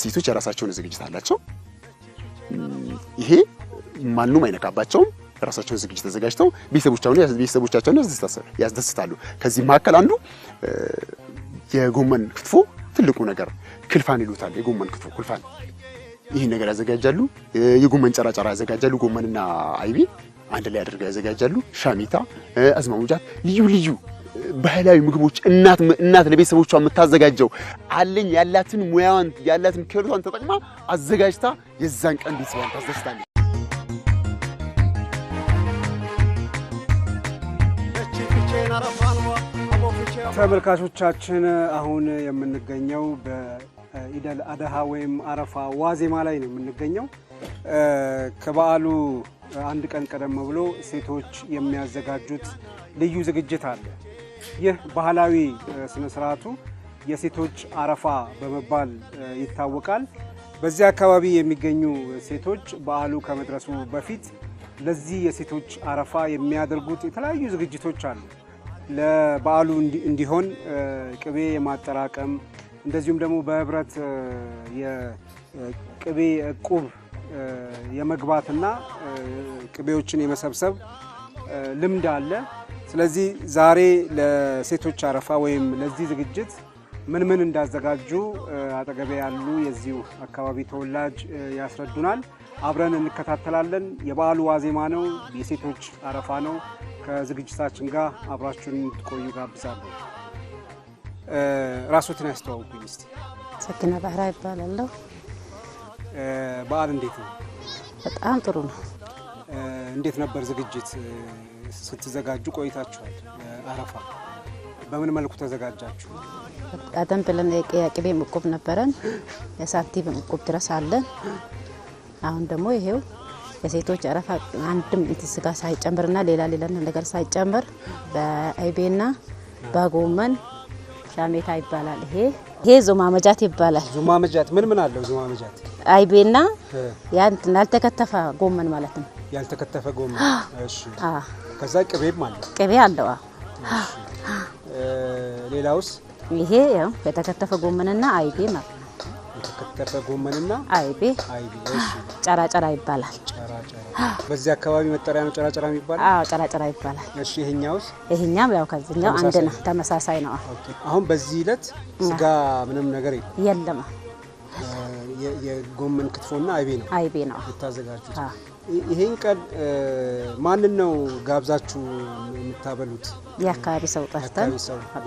ሴቶች የራሳቸውን ዝግጅት አላቸው። ይሄ ማንም አይነካባቸውም። የራሳቸውን ዝግጅት ተዘጋጅተው ቤተሰቦቻቸውን ያስደስታሉ። ከዚህ መካከል አንዱ የጎመን ክትፎ ትልቁ ነገር ክልፋን ይሉታል። የጎመን ክትፎ ክልፋን፣ ይህ ነገር ያዘጋጃሉ። የጎመን ጨራጨራ ያዘጋጃሉ። ጎመንና አይቤ አንድ ላይ አድርገው ያዘጋጃሉ። ሻሚታ፣ አዝማሙጃት ልዩ ልዩ ባህላዊ ምግቦች እናት እናት ለቤተሰቦቿ የምታዘጋጀው አለኝ ያላትን ሙያዋን ያላትን ክህሎቷን ተጠቅማ አዘጋጅታ የዛን ቀን ቤተሰቧን ታስደስታለች። ተመልካቾቻችን አሁን የምንገኘው በኢደል አድሃ ወይም አረፋ ዋዜማ ላይ ነው የምንገኘው። ከበዓሉ አንድ ቀን ቀደም ብሎ ሴቶች የሚያዘጋጁት ልዩ ዝግጅት አለ። ይህ ባህላዊ ስነስርዓቱ የሴቶች አረፋ በመባል ይታወቃል። በዚህ አካባቢ የሚገኙ ሴቶች በዓሉ ከመድረሱ በፊት ለዚህ የሴቶች አረፋ የሚያደርጉት የተለያዩ ዝግጅቶች አሉ። ለበዓሉ እንዲሆን ቅቤ የማጠራቀም እንደዚሁም ደግሞ በህብረት የቅቤ እቁብ የመግባትና ቅቤዎችን የመሰብሰብ ልምድ አለ። ስለዚህ ዛሬ ለሴቶች አረፋ ወይም ለዚህ ዝግጅት ምን ምን እንዳዘጋጁ አጠገቤ ያሉ የዚሁ አካባቢ ተወላጅ ያስረዱናል። አብረን እንከታተላለን። የበዓሉ ዋዜማ ነው፣ የሴቶች አረፋ ነው። ከዝግጅታችን ጋር አብራችሁን እንድትቆዩ ጋብዛለሁ። ራሶትን ያስተዋውቁ እስቲ። ሰኪና ባህራ ይባላለሁ። በዓል እንዴት ነው? በጣም ጥሩ ነው። እንዴት ነበር ዝግጅት ስትዘጋጁ ቆይታችኋል። አረፋ በምን መልኩ ተዘጋጃችሁ? ቀደም ብለን የቅቤ ምቁብ ነበረን፣ የሳንቲም ምቁብ ድረስ አለን። አሁን ደግሞ ይሄው የሴቶች አረፋ አንድም ስጋ ሳይጨምርና ሌላ ሌላ ነገር ሳይጨምር በአይቤና በጎመን ሻሜታ ይባላል ይሄ ይሄ ዙማ መጃት ይባላል። ዙማ መጃት ምን ምን አለው? ዙማ መጃት አይቤና ያንትን ያልተከተፈ ጎመን ማለት ነው። ያልተከተፈ ጎመን እሺ። ከዛ ቅቤም አለ። ቅቤ አለው። ሌላውስ? ይሄ ያው የተከተፈ ጎመንና አይቤ ማለት ነው። የተከተፈ ጎመንና አይቤ አይቤ። እሺ። ጨራ ይባላል። በዚህ አካባቢ መጠሪያ ነው ጨራጨራ ይባላል? አዎ ጨራጨራ ይባላል። እሺ ይሄኛውስ? ይሄኛም ያው ከዚህኛው አንድ ነው፣ ተመሳሳይ ነው። አሁን በዚህ ዕለት ስጋ ምንም ነገር የለም። የጎመን ክትፎና አይቤ ነው አይቤ ነው የታዘጋጁት ይሄን ቀን ማንን ነው ጋብዛችሁ የምታበሉት? የአካባቢ ሰው ጠርተን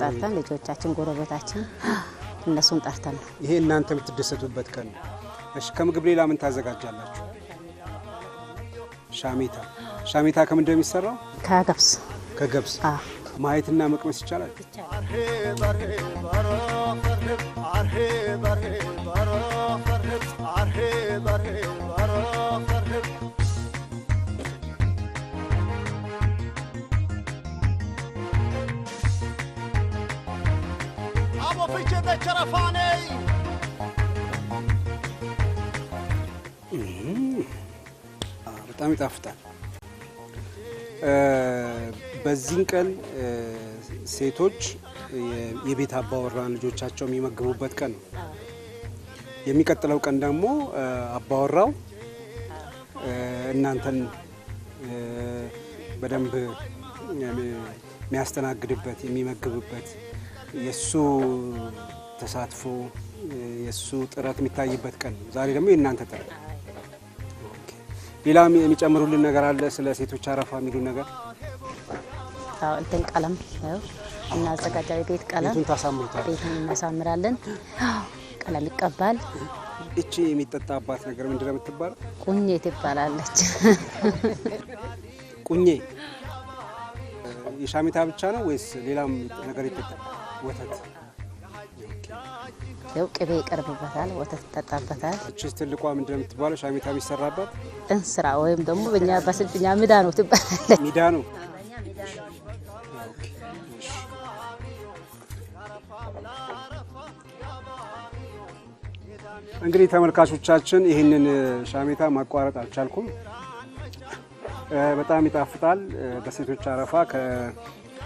ጠርተን ልጆቻችን፣ ጎረቤታችን እነሱን ጠርተን ነው። ይሄ እናንተ የምትደሰቱበት ቀን ነው። እሺ ከምግብ ሌላ ምን ታዘጋጃላችሁ? ሻሜታ። ሻሜታ ከምን እንደሚሰራው? ከገብስ ከገብስ። ማየትና መቅመስ ይቻላል። I'm በጣም ይጣፍጣል። በዚህን ቀን ሴቶች የቤት አባወራ ልጆቻቸው የሚመግቡበት ቀን ነው። የሚቀጥለው ቀን ደግሞ አባወራው እናንተን በደንብ የሚያስተናግድበት የሚመግብበት የእሱ ተሳትፎ የእሱ ጥረት የሚታይበት ቀን ነው። ዛሬ ደግሞ የእናንተ ጥረት ሌላ የሚጨምሩልን ነገር አለ? ስለ ሴቶች አረፋ የሚሉ ነገር እንትን ቀለም እናዘጋጃለን። ቤት ቀለም ቤቱን እናሳምራለን። ቀለም ይቀባል። እቺ የሚጠጣባት ነገር ምንድ የምትባል? ቁኜ ትባላለች። ቁኜ የሻሚታ ብቻ ነው ወይስ ሌላም ነገር ይጠጣል? ወተት ያው ቅቤ ይቀርብበታል፣ ወተት ይጠጣበታል። ችስ ትልቋ ምንድን ነው ሻሚታ የሚሰራበት እንስራ ወይም ደግሞ በእኛ በስልጥኛ ሚዳ ነው ትባላለች። ሚዳ ነው እንግዲህ ተመልካቾቻችን ይህንን ሻሜታ ማቋረጥ አልቻልኩም። በጣም ይጣፍጣል። በሴቶች አረፋ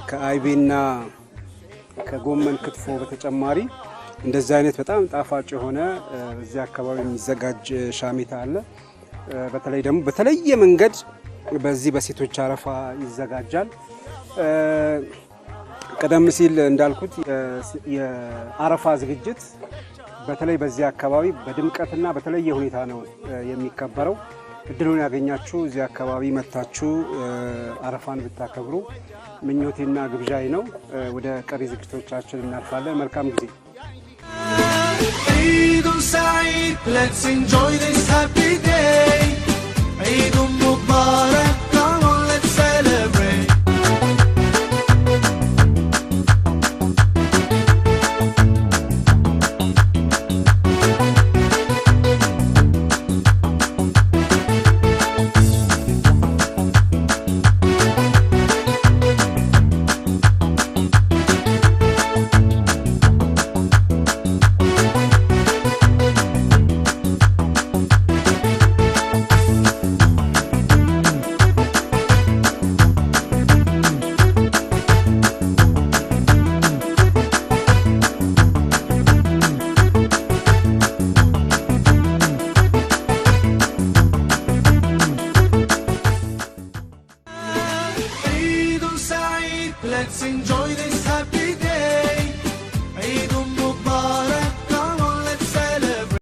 ከአይቤና ከጎመን ክትፎ በተጨማሪ እንደዚህ አይነት በጣም ጣፋጭ የሆነ በዚህ አካባቢ የሚዘጋጅ ሻሜታ አለ። በተለይ ደግሞ በተለየ መንገድ በዚህ በሴቶች አረፋ ይዘጋጃል። ቀደም ሲል እንዳልኩት የአረፋ ዝግጅት በተለይ በዚህ አካባቢ በድምቀትና በተለየ ሁኔታ ነው የሚከበረው። እድሉን ያገኛችሁ እዚህ አካባቢ መታችሁ አረፋን ብታከብሩ ምኞቴና ግብዣይ ነው። ወደ ቀሪ ዝግጅቶቻችን እናልፋለን። መልካም ጊዜ Let's enjoy this sing joy.